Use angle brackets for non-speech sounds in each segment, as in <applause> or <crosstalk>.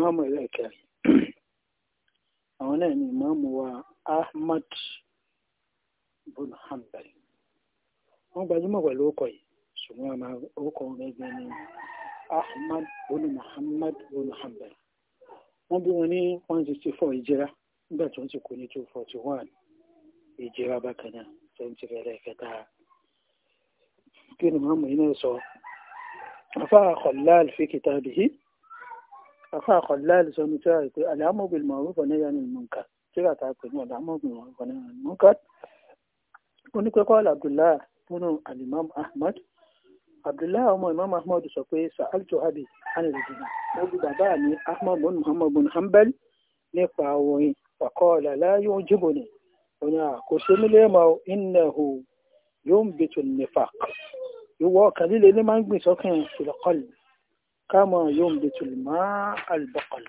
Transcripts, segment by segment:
ìmáàmù ẹlẹ́ẹ̀kẹrin àwọn náà ni ìmáàmù wa Ahmad bin Hanbal wọ́n gbajúmọ̀ pẹ̀lú ọkọ̀ yìí ṣùgbọ́n àmà orúkọ gẹ́gẹ́ ni Ahmad bin Muhammad bin Hanbal wọ́n bí wọn ní one sixty four ìjìra nígbà tí wọ́n ti kú ní two forty one ìjìra bákan náà twenty ẹlẹ́ẹ̀kẹta kí ni màmú yìí náà sọ afa Khallal fi kitabihi afa àkọlá ìlúsọmi tí a rè pé àlàmọbìlì mọrún kan náà ní ìmọǹkà tí kàtà pé ní àlàmọbìlì mọrún kan náà ní ìmọǹkà onípẹkọ abdullahi múnú alimam ahmad abdullahi ọmọ imam ahmad sọ pé sa'altu abi anilidina ó bi bàbá mi ahmad bin muhammad bin hanbal nípa orin faqala la yujibuni òní àkóso nílé mọ innahu yunbitu nifaq ìwọ ọkàn ní máa ń gbìn sọ́kàn fil kama yóò betul mọ́ albọ́kọ̀l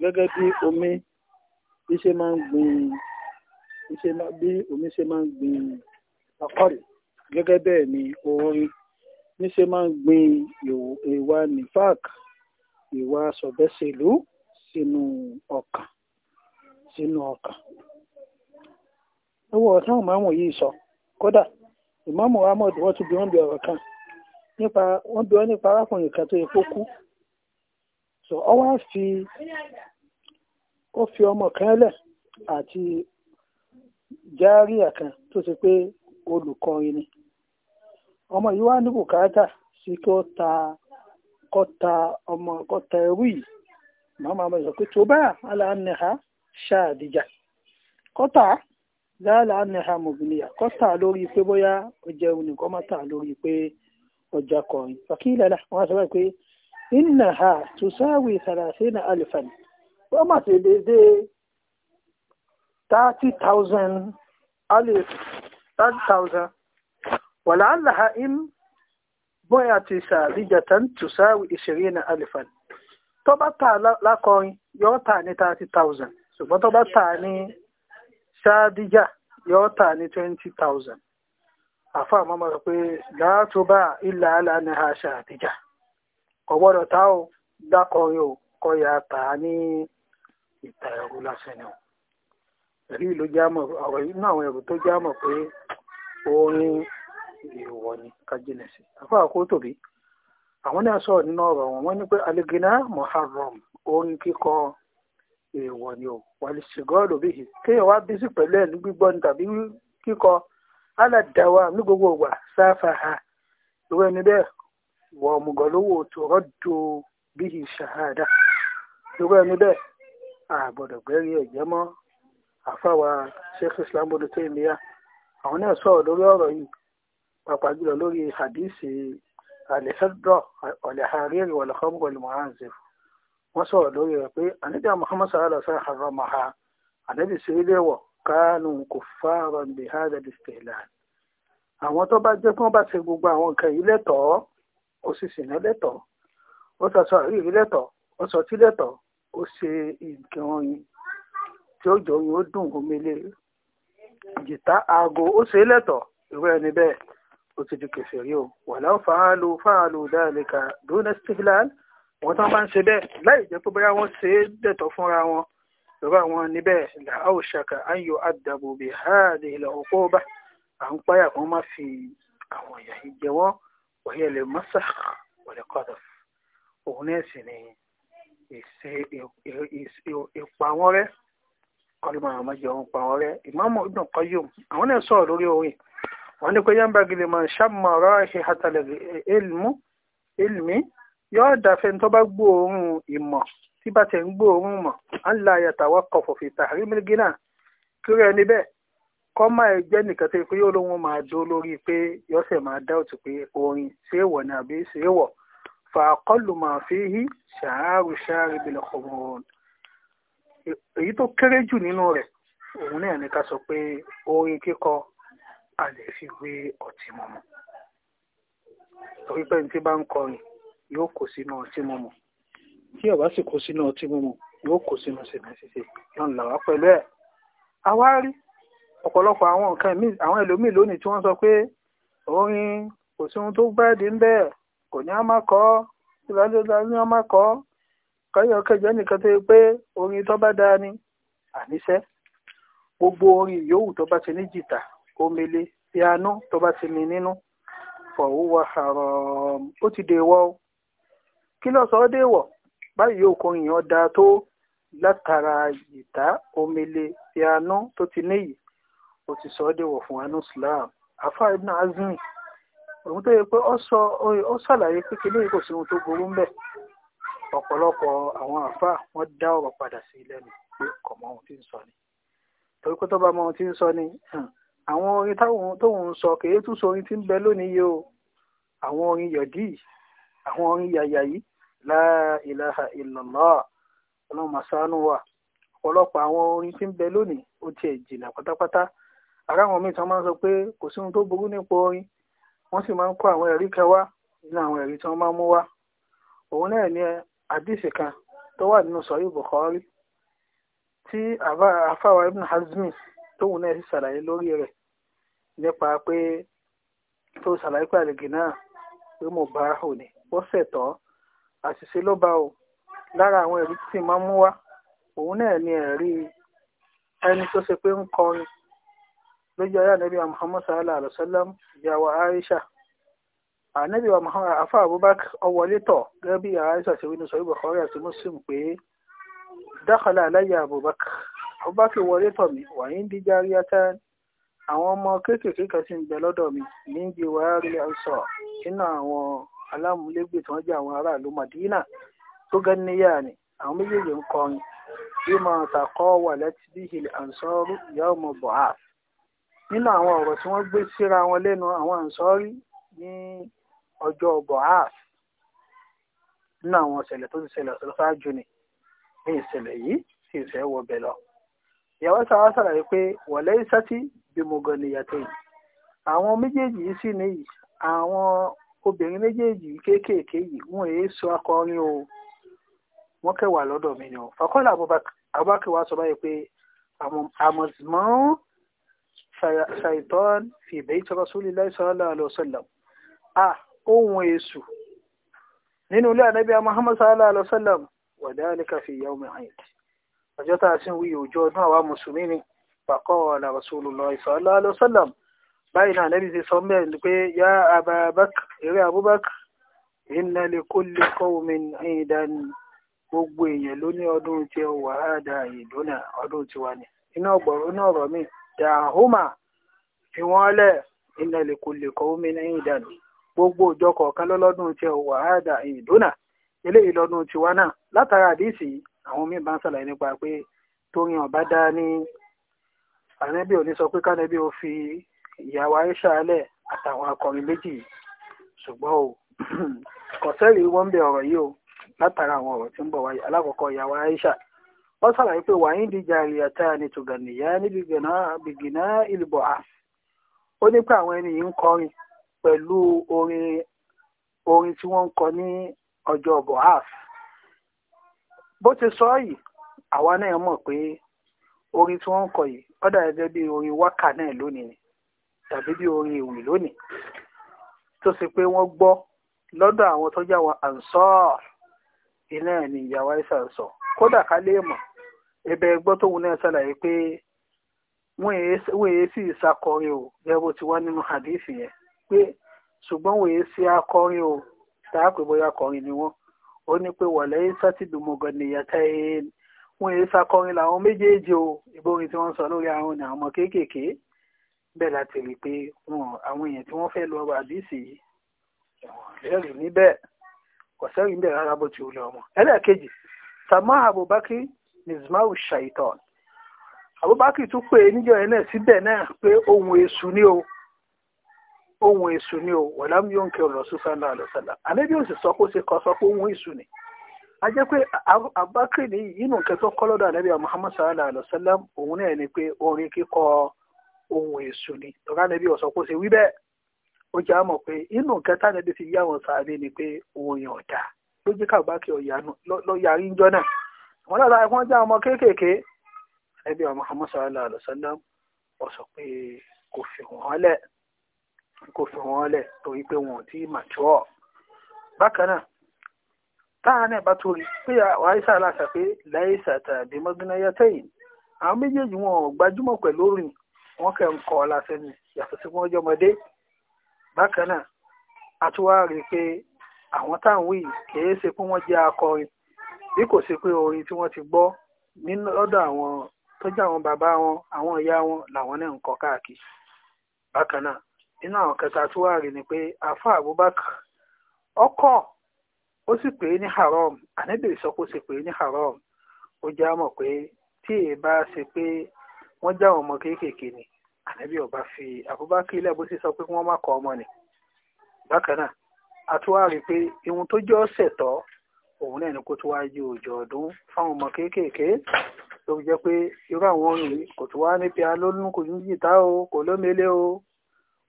gẹ́gẹ́ bí omi bí ṣe máa ń gbin bí omi ṣe máa ń gbin akọ́rì gẹ́gẹ́ bẹ́ẹ̀ ni orin níṣe máa ń gbin ìwà nifak ìwà sọ̀bẹ́sẹ̀lú sínú ọkàn sínú ọkàn owó ọ̀tún ìmáàmù yìí sọ kódà ìmáàmù ahmed wọ́n tún bí wọ́n bí ọ̀rọ̀ kan nípa wọ́n bí wọ́n nípa arákùnrin kan tó yẹ kó kú so ọ wá fi ó fi ọmọ kan lẹ̀ àti járíà kan tó ṣe pé olùkọrin ni ọmọ yìí wá ní bùkátà sí kí ó ta kọ́ ta ọmọ kọ́ ta ẹrú yìí màmá ọmọ ìsọ pé tó bá aláǹnẹ̀ha ṣáàdìjà kọ́tà láàlá àǹnẹ̀ha mọ̀bìlìyà kọ́tà lórí pé bóyá ó jẹun nìkan mọ́tà lórí pé ọjà kọrin wàkílẹ̀ la wọ́n sọ pé iná ha tùsáwì sàràsínà alifan wọ́n mà ti dédé thirty thousand alif thirty thousand wàlá àlàhà im bóyá ti sàríjàtàn tùsáwì ìṣirínà alifan tó bá tà lákọrin yóò tà ní thirty thousand ṣùgbọ́n tó bá tà ní sàdíjà yóò tà ní twenty thousand. àfa àmọ́mọ́ rẹ̀ pé ịlaala na ha àṣà àtijọ́ kò gbọ́dọ̀ tá o dákọrin o kọ́ ya tà ní ìta ẹ̀rù lásán ni o èyí ló já mọ̀ ọ̀rọ̀ inú àwọn ẹ̀rù orin èèwọ̀ ni kájínà sí aligina muharram aládàáwà ní gbogbo ìgbà sáfà ha ìwé ẹni bẹ́ẹ̀ wọ ọmọgọ́lówó tó rọ́dò bí i ṣàhádà ìwé ẹni bẹ́ẹ̀ àgbọ̀dọ̀ gbẹ́rí ẹ̀jẹ̀ mọ́ àfáwà sheikh islam bọ́dọ̀ tó ìmìyà àwọn náà sọ̀rọ̀ lórí ọ̀rọ̀ yìí pàápàá jùlọ lórí hadisi alẹ́sẹ̀dọ̀ ọ̀lẹ́hàrírì wọ̀lẹ́kọ́mù pẹ̀lú mohanzif wọ́n sọ̀rọ̀ lórí rẹ̀ pé àníjà muhammad sallallahu alaihi wa sallam kánú kò fáwọn bí hádà dìstẹ̀lá àwọn tó bá jẹ́ kí wọ́n bá ṣe gbogbo àwọn nǹkan yìí lẹ́tọ̀ọ́ ó sì sìnà lẹ́tọ̀ọ́ ó sọ sọ àríyí lẹ́tọ̀ọ́ ó sọ tí lẹ́tọ̀ọ́ ó ṣe nǹkan oyin tí ó jọ oyin ó dùn omele jìtá aago ó ṣe lẹ́tọ̀ọ́ irú ẹni bẹ́ẹ̀ ó ti di kèfèrí o wàláwò fàálù fàálù dáàlì ká dúnẹ́sítìlán wọ́n tán bá ń ṣe bẹ́ẹ̀ láì jẹ́ pé bóyá wọ́n ṣe é lẹ́tọ̀ọ́ fúnra wọn irú àwọn níbẹ̀ là á ò ṣàkà ayò àdàbò bí háàdì ilẹ̀ òkú ọba à ń páyà kan má fi àwọn ìyà yìí jẹ wọ́n wọ̀nyẹ lè mọ́sà wọ̀lẹ̀ kọ́dọ̀ òun náà sì ni ìpa wọn rẹ kọlùmọ àwọn ọmọ jẹun pa wọn rẹ ìmọ̀ọ́mọ̀ Ibn Qayyum àwọn náà sọ̀rọ̀ lórí orin wọn ní pé yánbà gidi mọ̀ ṣàmọ̀ ọ̀rọ̀ ṣe àtàlẹ̀ ilmi yóò dàfẹ́ tó bá gbọ́ ìmọ̀ tí bá tẹ̀ ń gbóòórùn mọ̀ á ń la àyàtàwá kọ̀fọ̀ fìtà rí mílígínà kíró ẹni bẹ́ẹ̀ kọ́ máa jẹ́ nìkan tó yẹ pé yóò lóun máa dó lórí pé yọ́sẹ̀ máa dá òtù pé orin ṣé wọ̀ ni àbí ṣé wọ̀ fàákọ́lù máa fi hí ṣàárù ṣáárì bìlẹ̀ kọ̀ọ̀rùn èyí tó kéré jù nínú rẹ̀ òun náà ní ká sọ pé orin kíkọ a fi wé ọtí mọ̀mọ́ torí pé ní tí bá ń kọrin yóò kó sínú ọtí mọ̀mọ́ tí ọba sì kó sínú ọtí mímu yóò kó sínú ṣìnà ṣíṣe lọ́nà làwá pẹ̀lú ẹ̀. àwa rí ọ̀pọ̀lọpọ̀ àwọn nǹkan míì àwọn ẹlòmíì lónìí tí wọ́n sọ pé orin kò sí ohun tó bẹ́ẹ̀dì ń bẹ́ẹ̀ kò ní á má kọ́ ìlàlódà ní á má kọ́ káyọ̀ nìkan tó yẹ pé orin tó bá dáa ni àníṣẹ́ gbogbo orin yòówù tó bá ti ní jìtà omele piano tó bá ti ní nínú fọ̀húwà àrọ̀ ó ti dèwọ̀ kí ló sọ ọ́ dèwọ̀ báyìí yóò kọrin yẹn dáa tó látara yìtá omele piano tó ti níyì ó ti sọ ọ́ dẹ̀wọ̀ fún anu afa ibn azmi òun tó yẹ pé ó ṣàlàyé pé kíní kò sí ohun tó burú ń bẹ̀ ọ̀pọ̀lọpọ̀ àwọn àfa wọ́n dá ọ̀rọ̀ padà sí lẹ́nu pé kò mọ ohun tí ń sọ ni torí pé tó bá mọ ohun tí ń sọ ni àwọn orin táwọn tóun ń sọ kèé tún sọ orin tí ń bẹ lónìí yìí o àwọn orin yọ̀dí àwọn orin yàyà yìí la ilaha illallah ọlọ́run màsánù wà ọ̀pọ̀lọpọ̀ àwọn orin tí ń bẹ lónìí ó tiẹ̀ jìnnà pátápátá ara àwọn míì tí wọ́n máa ń sọ pé kò sí ohun tó burú nípa orin wọ́n sì máa ń kó àwọn ẹ̀rí kan wá nínú àwọn ẹ̀rí tí wọ́n máa ń mú wá òun náà ní àdìsí kan tó wà nínú sọ̀rí Bukhari tí àfáwà Ibn Hazmi tóun náà sì ṣàlàyé lórí rẹ̀ nípa pé tó ṣàlàyé pé àlejò náà pé mo bá òní ó ṣẹ̀tọ́ àṣìṣe ló bá o lára àwọn ẹ̀rí tí màá mú wá òun náà ni ẹ̀rí ẹni tó ṣe pé ń kọrin lójú ayé ànábì wa muhammad sallallahu alayhi wa sallam ìyá wa aisha ànábì wa muhammad afa abubakar ọwọlé tọ gẹ́gẹ́ bí aisha ṣe wí ní sọyún bukhari àti muslim pé dákàlà aláya abubakar abubakar wọlé tọ̀ mí wàyí ń di jariyata àwọn ọmọ kéékèèké kan sì ń bẹ lọ́dọ̀ mi ní ìjì wàá rí ansọ nínú àwọn alámúlégbè tí wọ́n jẹ́ àwọn aráàlú Madina tó gan níyà ni àwọn méjèèjì ń kọrin bí máa tàkọ́ wà láti bí ilẹ̀ ànsọ́rù ìyá ọmọ bọ̀há nínú àwọn ọ̀rọ̀ tí wọ́n gbé síra wọn lẹ́nu àwọn ànsọ́rì ní ọjọ́ bọ̀há nínú àwọn ìṣẹ̀lẹ̀ tó ti ṣẹlẹ̀ ṣáájú ni ní ìṣẹ̀lẹ̀ yìí sì fẹ́ wọ bẹ̀ lọ ìyàwó sáwá sàlàyé pé wọ̀lẹ́ ìsátí bí mo gan níyàtọ̀ yìí àwọn méjèèjì yìí sì níyì àwọn obìnrin méjèèjì kéékèèké yìí wọn èé sọ akọrin o wọn kẹwàá lọ́dọ̀ mi ni o fàkọlà abubakar wa sọ báyìí pé àmọ̀tìmọ́ ṣàìtàn fi bayti rasulillahi sallallahu alaihi wasallam a ohun èṣù nínú ilé ànábì muhammad sallallahu alaihi wasallam wa dhalika fi yawmi eid ọjọ́ tá a sì ń wí ọjọ́ ọdún àwa mùsùlùmí ni fàkọlà rasulullah sallallahu alaihi wasallam báyìí na nẹ́bí ti sọ mẹ́rin pé yá abubakar eré abubakar inna li kulli gbogbo èèyàn ló ní ọdún tí ó wà á da ìdúnà ọdún tí wà ní iná ọ̀rọ̀ mi dàhùmà fi gbogbo òjọ wà á da ìdúnà eléyìí náà látara àdìsí ìyàwó aisha alẹ́ àtàwọn akọrin méjì yìí ṣùgbọ́n o <clears throat> kọ̀sẹ́rì bẹ ọ̀rọ̀ yìí o látara àwọn ọ̀rọ̀ tí ń bọ̀ wáyé alákọ̀ọ́kọ́ ìyàwó aisha wọ́n ṣàlàyé pé wàá ń díjà níbi ìlúbọ̀ a ó ní pé àwọn ẹni yìí ń kọrin pẹ̀lú orin orin tí wọ́n ń kọ ní ọjọ́ bó tàbí bí orin ìwì lónìí tó ṣe pé wọ́n gbọ́ lọ́dọ̀ àwọn tó jẹ́ àwọn ansọ́ọ̀ iná ẹ̀ ní ìyàwó àìsà ń sọ kódà ká lè mọ̀ ẹbẹ̀ ẹgbọ́ tóun náà ṣàlàyé pé wọ́n èé sì ṣàkọrin o gẹ́gẹ́ bó ti wá nínú hadithi yẹn pé ṣùgbọ́n wọ́n èé ṣe akọrin o tààpẹ̀ bóyá akọrin ni wọ́n ó ní pé wọ̀lẹ́ sátì dùmọ̀gàn nìyàtà wọ́n èé ṣàkọrin làwọn méjèèjì o ìborin tí wọ́n sọ lórí àwọn ọ̀nà àwọn kéékèèké bẹ́ẹ̀ láti rí i pé àwọn èèyàn tí wọ́n fẹ́ lọ ọ̀rọ̀ àdìsí yìí lẹ́rìí níbẹ̀ kò sẹ́rìí níbẹ̀ rárá bó ti ọmọ. ẹlẹ́ẹ̀kejì Abubakar nizmaru shaitan Abubakar tún pè é náà síbẹ̀ náà pé ohun èṣù ni o ohun èṣù ni o wọ̀lá mi yóò ń ọ̀rọ̀ ohun èṣù ni a jẹ́ pé Abubakar ní inú ohun èṣù ni tọ́ka níbi ọ̀sọ́ kó ṣe wí bẹ́ẹ̀ ó jẹ́ àmọ̀ pé inú fi wọn sáré ni pé oyin ọ̀dà ló jẹ́ káàbá kí ọ̀yànú náà àwọn ọmọ kéékèèké ẹbí ọmọ Muhammad sallallahu alaihi pé kò wọn ò tí ì bákan náà náà bá torí pé àìsàn aláṣà pé wọ́n kẹ́ ń kọ́ ọ lásán ni yàtọ̀ sí wọ́n jọmọdé bákan náà a tún wá rí i pé àwọn táwọn wí kìí ṣe pé wọ́n jẹ́ akọrin bí kò ṣe pé orin tí wọ́n ti gbọ́ lọ́dọ̀ àwọn tó jẹ́ àwọn bàbá wọn àwọn ìyá wọn làwọn náà ń kọ káàkiri bákan náà nínú àwọn kẹta tó wà rí ni pé afa Abubakar ọkọ ó sì pè é ní haram ànábìrì sọ pé ó sì pè é ní haram ó jẹ́ àmọ̀ pé tí èè ṣe pé wọ́n já àwọn ọmọ kéékèèké ni ànábì ọba fi àbúbákí ilẹ̀ bó ti sọ pé wọ́n má kọ ọmọ nì bákan náà a tún wá rí i pé ihun tó jẹ́ ọ̀sẹ̀ tọ́ òun náà ni kó tún wáá yí òjò ọdún fáwọn ọmọ kéékèèké tó jẹ́ pé irú àwọn orin yìí kò tún wá ní pé alónú kò ní jìtá o kò lómele o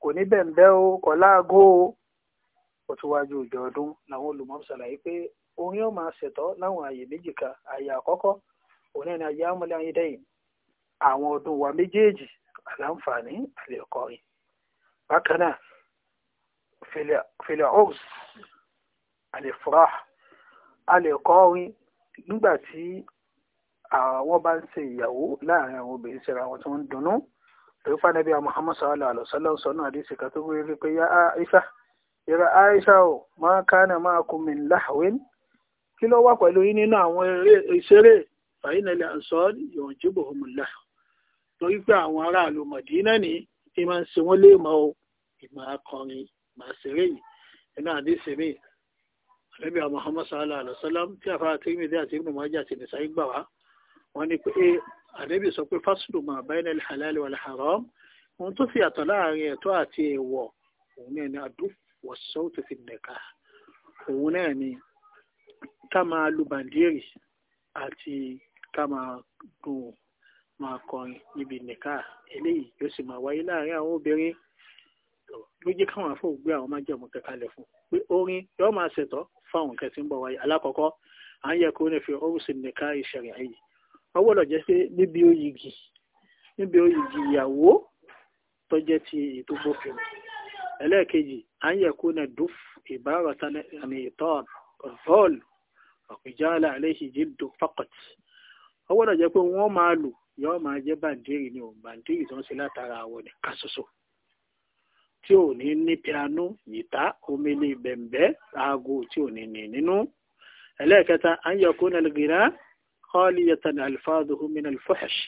kò ní bẹ̀ǹbẹ́ o kò láago o kò tún wáá yí òjò ọdún làwọn olùmọ̀ọ́ ṣàlàyé pé orin yóò máa ṣètọ́ láwọn àyè méjì kan àyè àkọ́kọ́ òun náà ni ayé amúlẹ̀ ayé dẹ́yìn àwọn ọdún wa méjèèjì aláǹfààní àlè ẹ̀kọ́ rẹ̀ bákan náà fèlè ọ́rs àlè fúra àlè ẹ̀kọ́ rẹ̀ nígbà tí àwọn bá ń ṣe ìyàwó láàrin àwọn obìnrin síra wọn tí wọ́n ń dunnú lórí fànàbí Muhammad sallallahu alaihi wasallam sọ́nà àdìsí kan tó rí pé yá Aisha ìrà Aisha ò máa kánà máa kú min lahwin kí ló wà pẹ̀lú yín nínú àwọn ìṣeré fàyínàlẹ̀ àǹsọ́ọ́rì yóò jíbò homolah torí pé àwọn aráàlú mọ̀dínà ní tí máa ń ṣe wọ́n lè mọ́ o ìmọ̀ akọrin ìmọ̀ àṣẹrẹ́ yìí nínú àdéṣe mi àlẹ́bí àwọn Muhammad sallallahu alaihi wasallam tí àfa àti ìmìdí àti ìmìdí mọ́jà àti ìnìṣà gbà wá wọ́n ní pé àlẹ́bí sọ pé fásitì mà bayna al-halal wal-haram ohun tó fi àtọ̀ láàrin ẹ̀tọ́ àti èèwọ̀ òun náà ni adúf was-sawt fi nìka òun náà ni ká máa lu bàndírì àti ká máa dùn máa kọrin níbi nìka eléyìí yóò sì máa wáyé láàrin àwọn obìnrin ló jẹ́ káwọn afọ gbé àwọn májẹ̀mú kẹkalẹ̀ fún pé orin yóò máa ṣètọ́ fáwọn nǹkan tí ń bọ̀ wáyé alákọ̀ọ́kọ́ à ń yẹ kó ní fi ọ́rùsì nìka ìṣẹ̀rìn ayé ọwọ́ lọ jẹ́ pé níbi oyigi níbi oyigi ìyàwó tó jẹ́ ti ètò gbófin ẹlẹ́ẹ̀kejì à ń yẹ kó ní dùf ìbáratan àmì ìtọ́ ọ̀rọ̀ ọ̀pìjálà àléhìjì dùn fákọ̀tì ọwọ́ lọ jẹ́ pé wọ́n máa lù yóò máa jẹ́ bàndírì ni ò bàndírì tó ń ṣe látara àwọ̀ nìkan ṣoṣo tí ò ní ní piano yìtá omele bẹ̀m̀bẹ́ aago tí ò ní ní nínú ẹlẹ́ẹ̀kẹta anyakó nàlgìrá kọ́ọ̀lì yẹtàn alifáàdù homin alfahash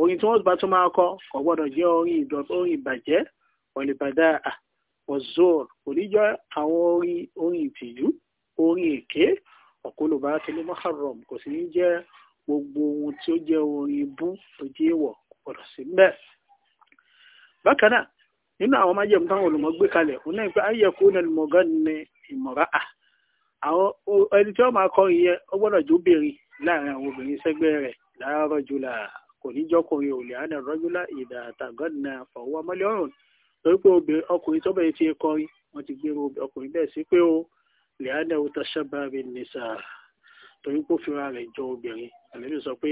orin tí wọ́n bá tún máa kọ kò gbọ́dọ̀ jẹ́ orin ìbàjẹ́ ọ̀lìbàdà ọ̀zọ́r oníjọ́ àwọn orin ìtìjú orin èké ọ̀kọlùbá tẹlẹmọ́hàrọ̀m kò sì ní jẹ́ gbogbo ohun tí ó jẹ́ orin ibú tó jẹ́ ìwọ̀ gbọ́dọ̀ sí bẹ́ẹ̀. bákan náà nínú àwọn májèmú táwọn olùmọ̀ gbé kalẹ̀ òun náà pé ayẹ̀kú ní olùmọ̀gá ní ìmọ̀ra à àwọn ẹni tí wọ́n máa kọ́ ó gbọ́dọ̀ láàrin àwọn obìnrin sẹ́gbẹ́ rẹ̀ láàárọ̀ kò ní jọkùnrin rọ́júlá ìdá fọwọ́ mọ́lẹ́ ọ̀rùn pé ọkùnrin tó bẹ̀rẹ̀ ti kọrin wọ́n ti gbé ọkùnrin bẹ́ẹ̀ sí pé torí kó fira rẹ̀ jọ obìnrin àlẹ́bí sọ pé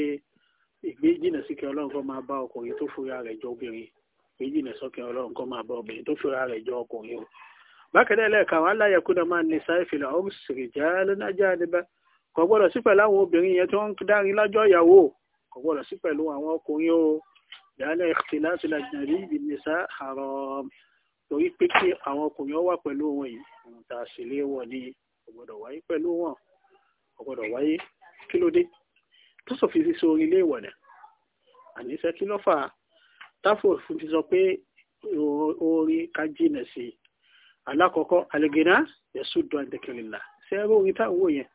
ìgbé jìnà síkẹ́ ọlọ́run kọ́ máa bá ọkùnrin tó fira rẹ̀ jọ obìnrin ìgbé jìnà sọ́kẹ́ ọlọ́run kọ́ máa bá obìnrin tó fira rẹ̀ jọ ọkùnrin o. bákẹ́lẹ́ lẹ́ẹ̀ka wà láyé kúndà máa ní sáìfìlà ó sì já lónájà níbà kò gbọ́dọ̀ sí pẹ̀lú àwọn obìnrin yẹn tí wọ́n ń dárin lọ́jọ́ ìyàwó kò gbọ́dọ̀ sí pẹ̀lú àwọn ọkùnrin o ìdálẹ́ ìtìláṣí lajìnàrí ìbìnisa haram torí pé kí àwọn ọkùnrin wà pẹ̀lú wọn yìí àwọn tá a ṣèléwọ̀ ni kò gbọ́dọ̀ wáyé pẹ̀lú wọn ọ̀gbọ́dọ̀ wáyé kí ló dé tó sọ fi sí sórí ilé ìwọ̀nà àníṣe kí ló fà á táfò fún ti sọ pé orí ká jìnà sí i alákọ̀ọ́kọ́ alẹ́gẹ̀dá yẹ̀sùdọ̀ àdẹ̀kẹ̀lélà ṣé ẹ bóyin táwọn yẹn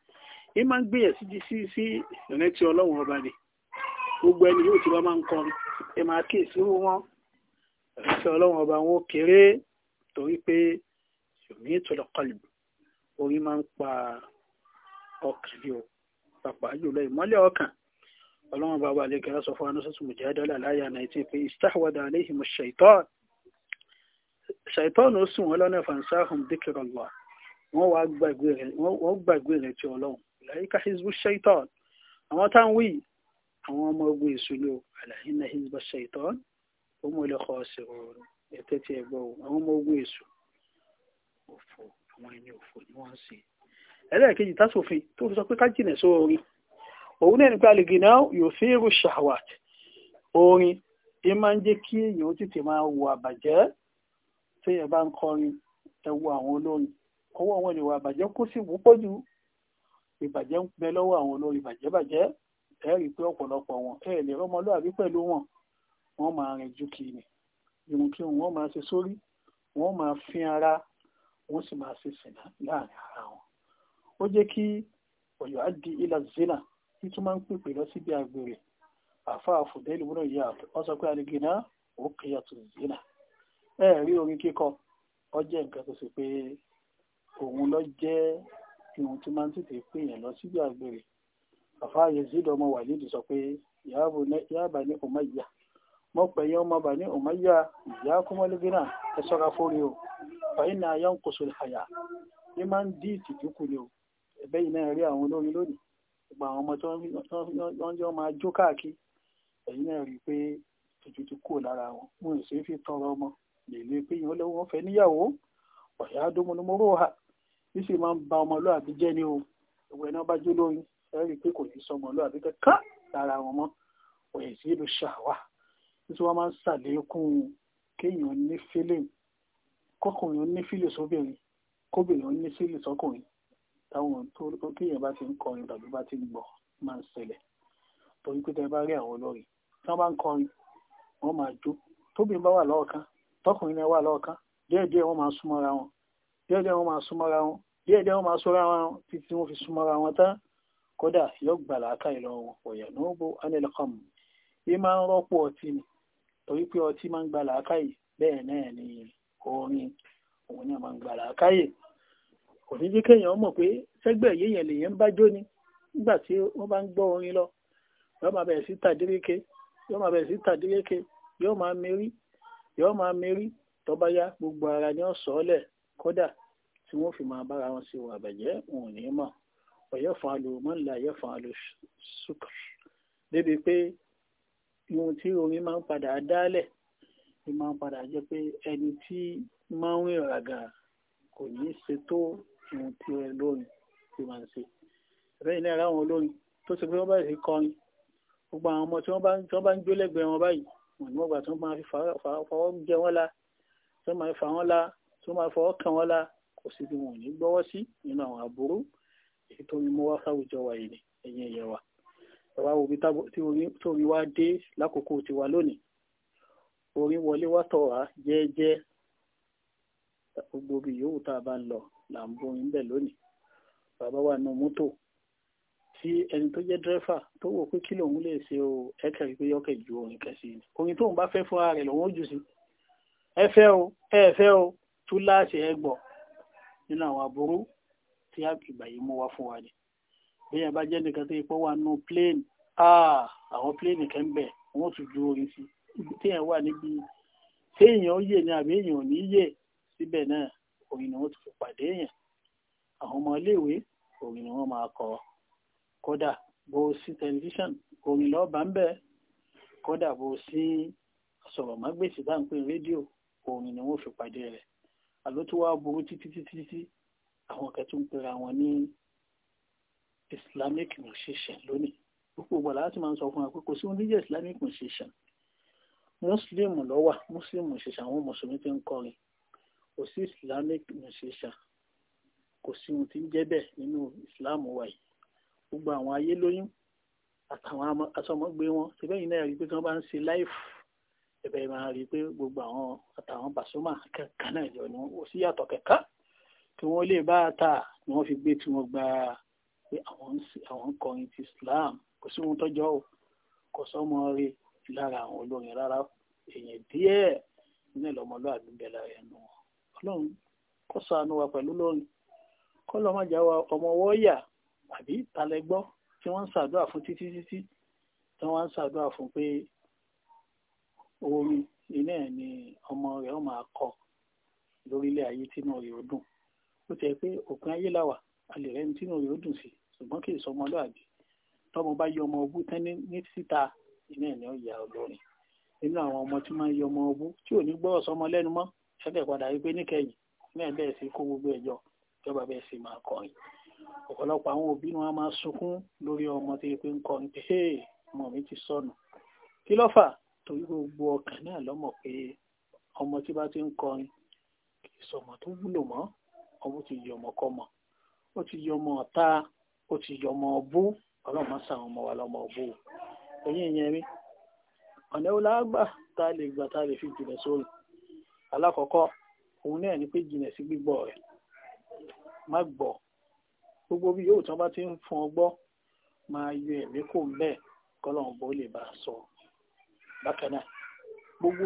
ní máa ń gbé yẹ̀ sí sí sí ìrìn tí ọlọ́run ọba ni gbogbo ẹni yóò ti bá máa ń kọrin ẹ máa kíyèsí wọn ìrìn tí ọlọ́run ọba wọn kéré torí pé yòmí tó lọ kọlù orí máa ń pa ọkàn ni o pàpà jùlọ ìmọ́lẹ̀ ọkàn ọlọ́run bàbá àlekẹ́rẹ́ sọ fún anúṣẹ́sùn mùjádálà láyà 19 pé istahwada alayhim shaitan shaitan ó sùn wọn lọ́nà fansahum dhikrullah wọ́n wá gbàgbé rẹ̀ tí ọlọ́run láyíká hizbu shaitan àwọn tá ń wí àwọn ọmọ ogun ìṣúlò àlàyé na hizbu shaitan ó mú ilé kọ́ọ̀sì ọ̀rọ̀ ẹ̀tẹ́tì ẹ̀gbọ́ àwọn ọmọ ogun ìṣù òfò àwọn ẹni òfò ni wọ́n ń sìn ẹlẹ́ẹ̀kejì tásòfin tó fi sọ pé ká jìnà sí orin òun náà ní pé alìgìnà yóò fi irú ṣàwàt orin ẹ máa ń jẹ́ kí èèyàn tètè máa wo àbàjẹ́ tí ẹ bá ń kọrin ẹ wo àwọn olórin ọwọ́ àwọn ìwà àbàjẹ́ kó sì wú pọ̀ jù ìbàjẹ́ ń bẹ lọ́wọ́ àwọn olórin ìbàjẹ́ bàjẹ́ ẹ rí i pé ọ̀pọ̀lọpọ̀ wọn ẹ lè rọ́mọlúàbí pẹ̀lú wọn wọ́n máa rìn ju kì í ni irun kí wọ́n máa ṣe sórí wọ́n máa fín ara wọ́n sì máa ṣe sìnà láàrin ara wọn ó jẹ́ kí ọ̀yọ́ á di ilà zina tí tó máa ń pèpè lọ síbi àgbèrè àfa àfùdẹ́lì múnà ìyá wọ́n sọ pé àdìgínà ó kìyà tó zina ẹ rí orin kíkọ ọ jẹ́ nǹkan tó sì pé òun lọ jẹ́ ìhun tí máa ń tètè pè yẹn lọ síbi àgbèrè àfa Yazid ọmọ Walid sọ pé yáàbà ní Umayya mọ̀pẹ̀ yẹn ọmọ bà ní Umayya ìyá kúmọ́légínà ẹ sọ́ra fórí o fàyínà yẹn ń kóso àyà ní máa ń dí ìtìjú ni o ẹ̀bẹ́yìn náà rí àwọn olórin lónìí gbogbo àwọn ọmọ tó ń jọ máa jó káàkiri ẹ̀yìn náà rí i pé tuntun ti kúrò lára wọn mo sì fi tọrọ ọmọ lèlé pé ìyẹn lọ́wọ́ fẹ́ níyàwó ọ̀yà adomunumoro ha ní sì máa ń ba ọmọlúàbí jẹ́ ni o ìwé náà bá jó lóyún ẹ rí i pé kò ní sọ ọmọlúàbí kankan lára wọn mọ́ ọ̀yà sí ìlú ṣàwà nítorí wọ́n máa ń ṣàlékún kéèyàn ní fílẹ̀ kọkùnrin ní fílẹ̀ sóbìnrin kóbìnrin ní fílẹ̀ sọkùnrin táwọn tó kéèyàn bá ti ń kọrin tàbí bá ti ń gbọ́ máa ń ṣẹlẹ̀ torí pé tẹ́ bá rí àwọn olórin tí wọ́n bá ń kọrin wọ́n máa jó tóbìnrin bá wà lọ́ọ̀kan tọkùnrin náà wà lọ́ọ̀kan díẹ̀díẹ̀ wọ́n máa súnmọ́ra wọn díẹ̀díẹ̀ wọ́n máa súnmọ́ra wọn díẹ̀díẹ̀ wọ́n máa súnmọ́ra wọn títí wọ́n fi súnmọ́ra wọn tán kódà yóò gbà láàká ìlọ wọn ọ̀yà náà bo anilcom yìí máa ń rọ́pò ọtí ni torí pé ọtí máa ń gbà láàká yìí bẹ́ẹ̀ náà ni orin òun náà máa ń gbà láàká yìí kò ní jẹ́ kéèyàn mọ̀ pé sẹ́gbẹ̀ yéèyàn lèyàn bá jó ni nígbà tí wọ́n bá ń gbọ́ orin lọ yóò máa bẹ̀rẹ̀ sí tàdíréke yóò máa bẹ̀rẹ̀ sí tàdíréke yóò máa mérí yóò máa mérí tó bá yá gbogbo ara ni ó sọ ọ́ lẹ̀ kódà tí wọ́n fi máa bára wọn ṣe wà bàjẹ́ wọn ò ní mọ̀ ọ̀yẹ́ fún alo mọ́nlá ọ̀yẹ́ fún alo ṣùkọ̀ débi pé ohun tí orin máa ń padà dálẹ̀ máa ń padà jẹ́ pé ẹni tí máa ń rìn ràgà kò ní ṣe tó ohun tí olórin ti máa ń ṣe bẹ́ẹ̀ náà ráwọn olórin tó ṣe pé wọ́n bá ṣe kọrin gbogbo àwọn ọmọ tí wọ́n bá ń jó lẹ́gbẹ̀ẹ́ wọn báyìí wọ́n ní wọ́n gbà tí wọ́n máa fi fọwọ́ jẹ wọ́n la tí wọ́n máa fà wọ́n la tí wọ́n máa fọwọ́ kàn wọ́n la kò sí bí wọn ò ní gbọ́wọ́ sí nínú àwọn aburú èyí tó ní mo wá fáwùjọ wa yìí ẹ̀yìn ẹ̀yẹ wa ẹ̀wá wo bí tóbi wá dé lákòókò tiwa lónìí orin wọlé wá tọ̀ wá jẹ́ẹ́jẹ́ gbogbo bí yòówù tá a bá ń lọ là ń bóyin ń bẹ̀ lónìí bàbá wa nu mọ́tò tí ẹni tó jẹ́ dírẹ́fà tó wò pé kí lòun lè ṣe o ẹ̀kẹ́ rí pé ju orin kẹsì ni orin tóun bá fẹ́ fúnra rẹ̀ lòun ó jù sí ẹ fẹ́ o ẹ fẹ́ o tún láṣẹ ẹ nínú àwọn aburú tí ìgbà yìí mú wá fún wa ni bí ẹ bá jẹ́ nìkan tó ipò wà nù plane ah àwọn plane kan bẹ̀ wọ́n tún ju orin sí ibi tí ẹ wà níbi tí èèyàn yè ni àbí èèyàn ò ní yè síbẹ̀ náà orin ni wọ́n ti fi pàdé èèyàn àwọn ọmọ iléèwé orin ni wọ́n máa kọ kódà bó o sí tẹlifíṣàn orin lọ́ọ́ bá ń bẹ̀ kódà bó o sí sọ̀rọ̀mágbèsì bá ń pè rédíò orin ni wọ́n fi pàdé rẹ̀ àló tó wá burú títí títí àwọn kan ń pera wọn ní Islamic musician lónìí gbogbo ìgbà láti máa ń sọ fún wa pé kò sí wọn níjẹ́ Islamic musician muslim lọ́wà muslim musician àwọn mùsùlùmí ti ń kọrin kò sí islamic musician kò sí ohun tí ń jẹ́ bẹ́ẹ̀ nínú islam wa yìí gbogbo àwọn ayé lóyún àtàwọn asọmọgbé wọn síbẹ̀ yìí náà rí pé tí bá ń ṣe láìfù ẹ̀bẹ̀ máa rí pé gbogbo àwọn àtàwọn Pasuma kankan náà jọ ni wọ́n sì yàtọ̀ kẹ̀kẹ́ kí wọ́n lè bá a ta ni wọ́n fi gbé tí wọ́n gba pé àwọn kọrin ti islam kò sí ohun tọ́jọ́ o kò sọ́mọ rí lára àwọn olórin rárá èèyàn díẹ̀ nílẹ̀ ọmọlúwàbí bẹ́ẹ̀ ẹnu wọn ọlọ́run kó ṣàánú wa pẹ̀lú lónìí kọ́lọ́ má jáwa ọmọ ọwọ́ yà àbí talẹ́gbọ́ tí wọ́n ń ṣàdúrà fún títí títí tí wọ́n ń ṣàdúrà fún pé orin iná ẹ̀ ni ọmọ rẹ̀ ó máa kọ lórílẹ̀ ayé tínú rẹ̀ ó dùn ó tẹ̀ pé òpin ayé làwà alẹ́ rẹ̀ tínú rẹ̀ ó dùn sí ṣùgbọ́n kì í sọ ọmọlúàbí tọ́mọ bá yọ ọmọ ọbú tán ní síta iná ẹ̀ ni ó yà olórin nínú àwọn ọmọ tí máa yọ ọmọ ọbú tí ò ní gbọ́rọ̀ sọmọ lẹ́nu mọ́ ṣẹ́dẹ̀ padà wípé níkẹyìn náà bẹ́ẹ̀ sí kó gbogbo ẹ̀jọ́ ìjọba bẹ́ẹ̀ sì máa kọrin ọ̀pọ̀lọpọ̀ àwọn òbí wọn a máa sunkún lórí ọmọ tó yẹ pé ń kọrin pé hey ọmọ mi ti sọnù kí ló fà torí gbogbo ọkàn náà lọ́mọ̀ pé ọmọ tí bá ti ń kọrin kì í sọmọ tó wúlò mọ́ ọmọ ti yọ ọmọ kọ́mọ ó ti yọ ọmọ ọ̀tá ó ti yọ ọmọ ọbú ọlọ́mọ sàwọn ọmọ wa lọ́mọ ọbú ẹ̀yìn ìyẹn rí ọ̀nà lágbà tá a lè gbà tá a lè fi jùlẹ̀ sórí alákọ̀ọ́kọ́ òun náà ni pé jìnà sí gbígbọ́ rẹ̀ má gbọ́ gbogbo bí yóò tán bá ti ń fún ọgbọ́ máa yọ ẹ̀mí kò ń bẹ́ẹ̀ kọ́lọ́n bó lè bá a sọ bákan náà gbogbo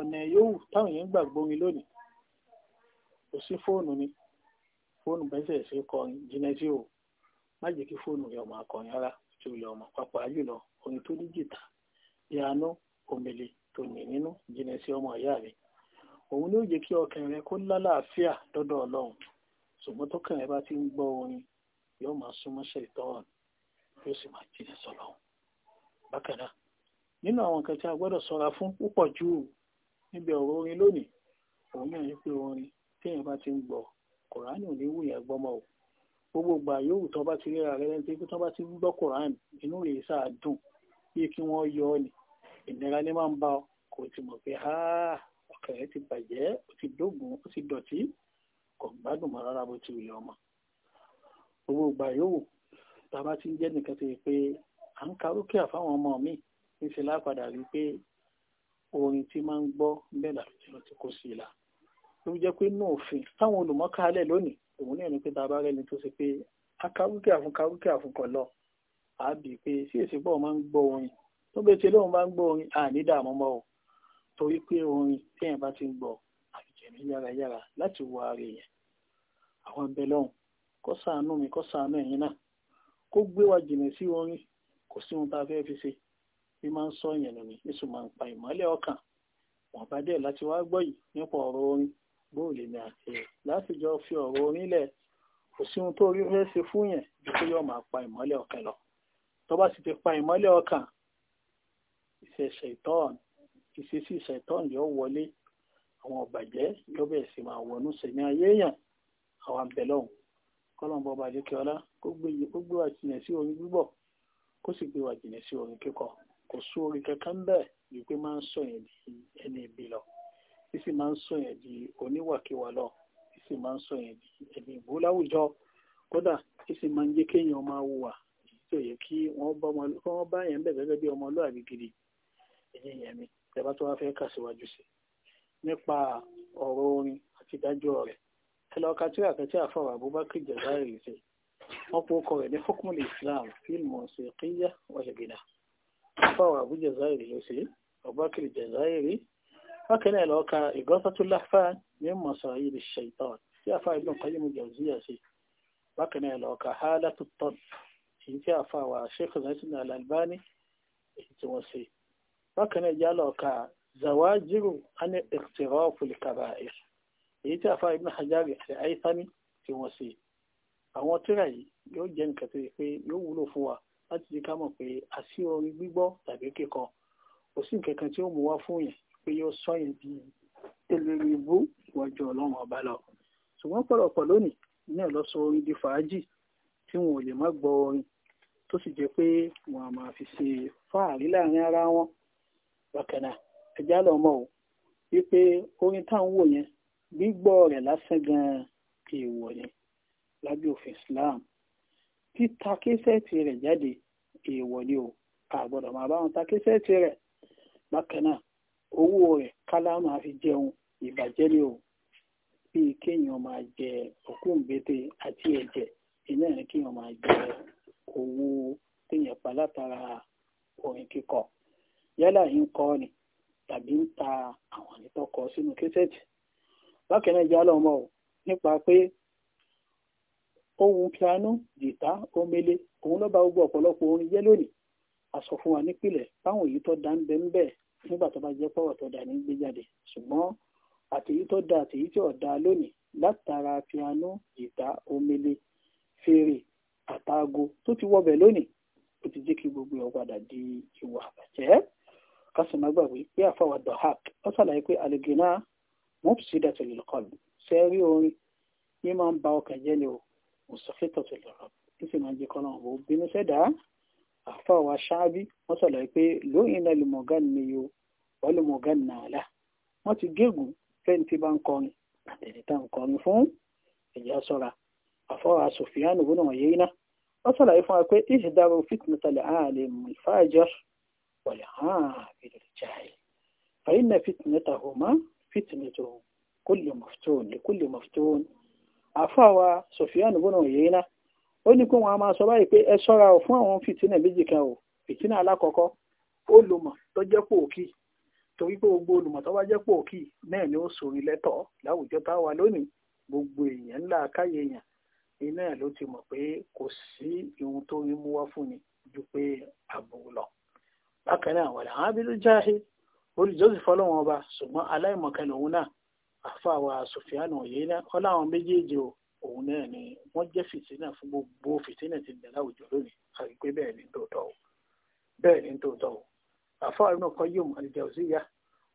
ọ̀nà yòówù táwọn èèyàn gbàgbọ́ mi lónìí kò sí fóònù ni fóònù bẹ́sẹ̀ ṣe kọrin jìnà sí o má jẹ́ kí fóònù rẹ̀ ọmọ akọrin rárá tí ó yọ ọmọ pàápàá jùlọ orin tó ní jìtà piano omele tó nínú jìnà sí ọmọ ìyá rẹ̀ òun ló yẹ kí ọkàn rẹ kó lálàáfíà lọ́dọ̀ ọlọ́run ṣùgbọ́n tó kàn rẹ bá ti ń gbọ́ orin yóò máa súnmọ́ ṣètọ́ọ̀n yóò sì máa jìnà sọ́lọ́run bákan náà nínú àwọn nǹkan tí a gbọ́dọ̀ sọ́ra fún púpọ̀ jù níbi ọ̀rọ̀ orin lónìí òun náà yẹ pé orin téèyàn bá ti ń gbọ́ kòránì ò ní wù yẹn gbọ́mọ o gbogbo ìgbà yòówù tó bá ti ríra rẹ pé tó bá ti ń gbọ́ kòránì inú rẹ̀ sáà dùn bí kí wọ́n yọ ọ ní ìnira ní máa ń bá ọ kò ti mọ̀ pé háà ọkàn rẹ ti bàjẹ́ ó ti dógùn ó ti dọ̀tí kò gbádùn mọ́ rárá bó ti wù ọmọ owó ìgbà yòówù tá a bá ti ń jẹ́ nìkan ti rí pé à ń ka rúkìá fáwọn ọmọ mi níṣẹ́ lápadà rí pé orin tí máa ń gbọ́ bẹ́ẹ̀ làlùjọ ti kó sí i la ló jẹ́ pé inú òfin táwọn olùmọ́kálẹ̀ lónìí òun náà ni pé tá a bá rẹ́ni tó ṣe pé akárúkẹ́ àfún kárúkẹ́ àfún kan lọ àbí pé sí èsì bọ́ọ̀ máa ń gbọ́ orin tó bẹ́ẹ̀ tí lóun bá ń gbọ́ orin àní dààmú mọ́ torí pé orin téèyàn bá ti ń gbọ́ àjẹmí yárayára láti wọ ara èèyàn àwọn ẹbẹ lọ́hùn kó ṣàánú mi kó ṣàánú ẹ̀yin náà kó gbé wa jìnà sí orin kò sí ohun tá a fẹ́ fi ṣe bí máa ń sọ èèyàn nù ní èso máa ń pa ìmọ́lẹ̀ ọkàn wọn bá dẹ̀ láti wá gbọ́ yìí nípa ọ̀rọ̀ orin bóò lè ní àti láti jọ fi ọ̀rọ̀ orin lẹ̀ kò sí ohun tó rí fẹ́ ṣe fún yẹn ju pé yóò máa pa ìmọ́lẹ̀ ọkàn lọ tó bá sì ti pa ìmọ́lẹ̀ ọkàn ìṣẹ̀ṣẹ̀ ìtọ́ọ̀nù ìṣesí ṣẹ̀tọ́n yóò wọlé àwọn ọ̀bàjẹ́ yóò bẹ̀rẹ̀ sí máa wọnú sẹ̀mí ayé èèyàn àwọn àbẹ̀lọ́hùn kọ́lọ́mbọ́ ọba adékẹ́ọ́lá kó gbé wa jìnà sí orin gbígbọ́ kó sì gbé wa jìnà sí orin kíkọ kò sí orin kankan bẹ́ẹ̀ ni pé máa ń sọ yẹn di ẹni ibi lọ sísì máa ń sọ yẹn di oníwàkiwà lọ sísì máa ń sọ yẹn di ẹni ìbú láwùjọ kódà sísì máa ń jẹ́ kéèyàn máa wùwà èyí tó yẹ kí wọ́n bá yẹn bẹ̀ gẹ́gẹ́ bí ọmọlúwàbí gidi ẹ̀yìn yẹn mi tẹ́bá tó wá fẹ́ kà síwájú sí nípa ọ̀rọ̀ orin àti ìdájọ́ rẹ̀ ẹ lọ ka tí àkàtì àfọwọ́ Abubakar Jazairi ṣe wọ́n pọ̀ kọ rẹ̀ ní hukmul Islam fil musiqiyya wal bina àfọwọ́ Abu Jazairi ló ṣe Abubakar Jazairi bákan náà lọ ka Ighathatul Lahfan min masayidi shaitan tí àfa Ibn Qayyim Jawziyya ṣe bákan náà lọ ka Halatut Talb èyí tí àfọwọ́ Sheikh Nasiruddin Al-Albani èyí tí wọ́n ṣe bákan náà yálà ọ̀ka zawajiru ani iqtirafu al-kaba'ir èyí tí àfa ibn hajari àti aithami tí wọ́n ṣe àwọn tíra yìí yóò jẹ́ nǹkan tó yẹ pé yóò wúlò fún wa láti di ká mọ̀ pé àṣì orin gbígbọ́ tàbí kíkọ kò sí nǹkan kan tí ó mú wá fún yẹn pé yóò sọ yẹn di eléré ibú ìwájú ọlọ́run ọba lọ ṣùgbọ́n pọ̀lọpọ̀ lónìí ní ọ̀lọ́sọ orin di fàájì tí wọn ò lè má gbọ́ orin tó sì jẹ́ pé wọn a fi ṣe fáàrí láàrin ara wọn bákan náà ẹjá lọ mọ̀ o wípé orin táwọn wò yẹn gbígbọ́ rẹ̀ lásán gan kì í wọ̀ yẹn lábẹ́ òfin Islam títa késẹ́ẹ̀tì rẹ̀ jáde èèwọ̀ ni o àgbọ̀dọ̀ máa bá wọn ta késẹ́ẹ̀tì rẹ̀ bákan owó rẹ̀ kálá fi jẹun ìbàjẹ́ ni o bíi kéèyàn máa jẹ òkú ńbété àti ẹ̀jẹ̀ iná ẹ̀ kéèyàn máa jẹ owó téèyàn pa látara orin kíkọ yálà ń kọ ni tàbí ń ta àwọn àlítọ́ kọ sínú kẹsẹ̀tì bákan náà ìjà ọlọ́mọ o nípa pé ohun piano jìtá omele òun lọ́ba gbogbo ọ̀pọ̀lọpọ̀ orin jẹ́ lónìí a sọ fún wa nípìnlẹ̀ báwọn èyí tó dá ń bẹ ń bẹ nígbà tó bá jẹ́ pọ̀wọ̀ tó dá ní gbé jáde ṣùgbọ́n àtèyí tó dá àtèyí tí ò dá lónìí látara piano jìtá omele fèrè àtàgò tó ti wọbẹ̀ lónìí ó ti jẹ́ kí gbogbo ọ̀ padà di ìwà àbàjẹ́ kásìmá gbàgbé pé àfàwà dohak ó ṣàlàyé pé àlègìnà mọ́pùsídà tó lè kọlù sẹ́rí orin yìí máa ń ba ọkàn jẹ́ ni o òṣèfẹ́tọ̀ tó lè rọ̀bù ó sì máa ń jẹ́ kọ́nà ọ̀bọ̀ bínú sẹ́dá àfàwà ṣáábí ó ṣàlàyé pé lóyìn náà lùmọ̀gán ni yo wọ́n lùmọ̀gán nàálà wọ́n ti gégùn fẹ́ni tí bá ń kọrin àtẹ̀lẹ́ tá ń kọrin fún ẹ̀yà sọ́ra àfàwà Sufyan ibn Uyayna ó آه في الجاهل فإن فتنتهما فتنة كل مفتون لكل مفتون àfáwa Sufyan ibn Uyayna ونكون ní kó wọn máa sọ báyìí pé ẹ ṣọ́ra ò fún àwọn fìtínà méjì kan o fìtínà alákọ̀ọ́kọ́ olùmọ̀ tó jẹ́ pòókì torí pé gbogbo olùmọ̀ tó bá jẹ́ pòókì náà ni ó sòrí lẹ́tọ̀ láwùjọ tá a wà lónìí gbogbo èèyàn ńlá káyé èèyàn iná ló ti mọ̀ pé kò sí ohun tó rí mú wá fún ni ju pé àbúrò lọ bákan náà wàlẹ̀ àwọn abidu jahil olùjọ́sìn fọlọ́wọn ọba ṣùgbọ́n aláìmọ̀kan lòun náà àfàwà Sufyan Uyayna ọláwọn méjèèjì o òun náà ni wọ́n jẹ́ fìtínà fún gbogbo fìtínà ti dẹ̀ láwùjọ lónìí àgbègbè bẹ́ẹ̀ ni tòótọ́ o bẹ́ẹ̀ ni tòótọ́ o àfàwà Ibn Qayyim al-Jawziyya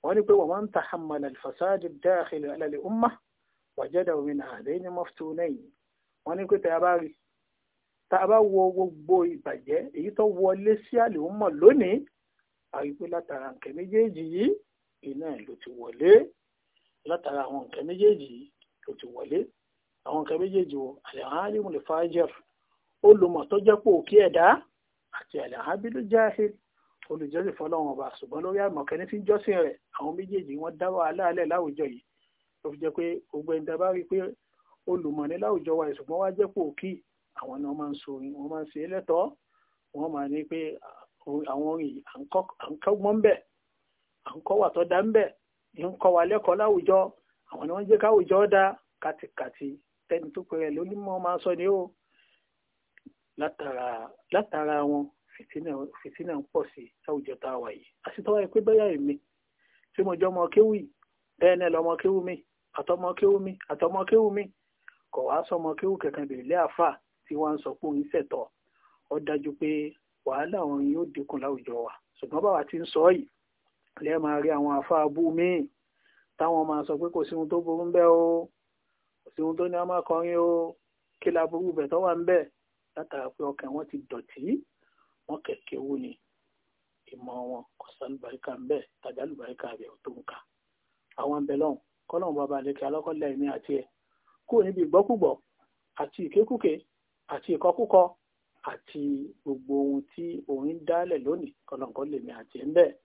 wọ́n ní pé wa man tahammala al-fasad ad-dakhil ala wọ́n ní pé tẹ́ a bá rí tá a bá wo gbogbo ìbàjẹ́ èyí tó wọlé àyíkú látara nǹkan méjèèjì yìí iná ló ti wọlé látara àwọn nǹkan méjèèjì yìí ló ti wọlé àwọn nǹkan méjèèjì wo alihamu lè fàájẹr olùmọ̀ tó jẹ́ pò kí ẹ̀dá àti alihamu jahil olùjọ́sìn fọlọ́wọn ọba ṣùgbọ́n lórí àmọ̀kẹ́ni tí ń jọ́sìn rẹ̀ àwọn méjèèjì wọ́n dá wàhálà alẹ́ láwùjọ yìí ló fi jẹ́ pé gbogbo ẹni tá rí i pé olùmọ̀ ní láwùjọ wa ìṣùgbọ́n wá jẹ́ pò kí àwọn ni wọ́n máa ń so wọ́n máa ń ṣe é lẹ́tọ̀ọ́ wọ́n máa ní pé àwọn orin à ń kọ́gbọ́n ń bẹ̀ à ń wà tó dá ń bẹ̀ ń kọ́ wa lẹ́kọ̀ọ́ láwùjọ àwọn ni wọ́n jẹ́ káwùjọ dá kàtìkàtì tẹni tó pẹ̀rẹ̀ lónímọ̀ máa sọ ni ó látara wọn fìtínà ń pọ̀ sí láwùjọ tá a wà yìí pé bẹ́yà èmi mi àtọmọ kéwù mi àtọmọ kéwù mi kọ̀ wá sọmọ kéwù bèrè àfà tí wọ́n ń sọ pé wàhálà wọn yóò dínkù láwùjọ wa ṣùgbọ́n báwa ti ń sọ yìí lẹ́ẹ̀ máa rí àwọn afáàbù míì táwọn máa sọ pé kò sí ohun tó burú ń o kò sí ohun tó ní a máa kọrin o kí la burú bẹ̀ tó wà ń bẹ̀ látara pé ọkàn wọn ti dọ̀tí wọn kẹ̀kẹ́ wú ni ìmọ̀ wọn kò sálùbáríkà ń bẹ rẹ̀ tó ń kà àwọn ń bẹ lọ́hùn kọ́lọ́hùn bàbá àlekè alọ́kọ́lẹ̀ ẹ̀mí àti ẹ̀ kúrò níbi ìgbọ́kùgbọ́ àti ìkékùké àti ìkọkúkọ àti gbogbo ohun tí òun dálẹ̀ lónìí kọlọ̀kọ́ lèmi àti ẹ̀ ń bẹ́ẹ̀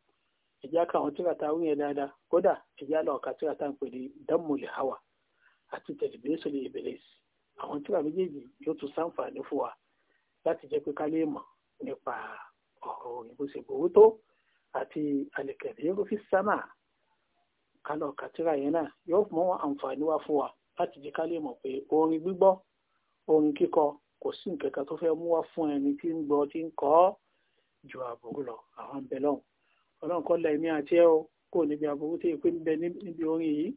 ẹ̀já ka àwọn tíratá wíyẹn dáadáa kódà ẹ̀já lọ ka tíratá ń pè ní dámúlẹ̀ hawa àti tẹ̀lifíṣẹ́ sọlẹ̀ ìbẹ̀rẹ̀ sí àwọn tíra méjèèjì yóò tún sáǹfààní fún wa láti jẹ́ pé ká lè mọ̀ nípa ọ̀rọ̀ òyìnbó ṣe gbowó tó àti àlẹ̀kẹ̀lẹ̀ yóò fi sámà kálọ̀ ka tíra yẹn náà yóò mọ àǹfààní wá fún wa láti jẹ́ ká lè mọ̀ pé orin gbígbọ́ orin kíkọ kò sí nǹkan kan tó fẹ́ mú wá fún ẹni tí ń gbọ́ tí ń kọ́ ju àbúrú lọ àwọn bẹ̀ lọ́hùn ọlọ́run kọ́ la ẹ̀mí àti ẹ̀ o kò níbi àbúrú tí èpè ń bẹ níbi orin yìí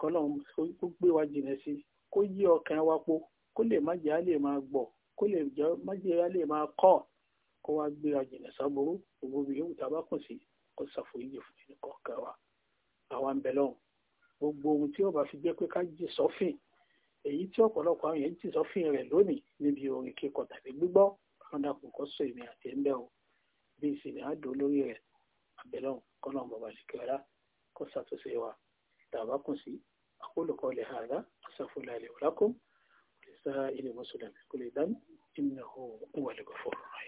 kọ́lọ́run kó gbé wa jìnà sí kó yí ọkàn wa po kó lè má jẹ́ á lè máa gbọ́ kó lè má jẹ́ á lè máa kọ́ kó wá gbé wa jìnà sábúrú gbogbo yòówù tá a bá kùn sí kó ṣàforíjì fún ẹnì kọ̀ọ̀kan wa àwọn bẹ̀ lọ́hùn gbogbo ohun tí ó èyí tí ọ̀pọ̀lọpọ̀ àwọn èèyàn ti sọ́fìn rẹ̀ lónìí níbi orin kíkọ tàbí gbígbọ́ kọ́ńdà kò kọ́ sọ èmi àti ẹ̀ńbẹ́ o bí ìsìnlẹ̀ á dùn lórí rẹ̀ àbẹ̀lọ́ kọ́nà bàbá ṣìkẹ́ra kó ṣàtúnṣe wa tàbá kùn sí akólùkọ́ lè hàrá ilẹ̀ wọlákùn lè sá ilé kò lè dání ìnáwó wà lè fọ́ọ̀rọ̀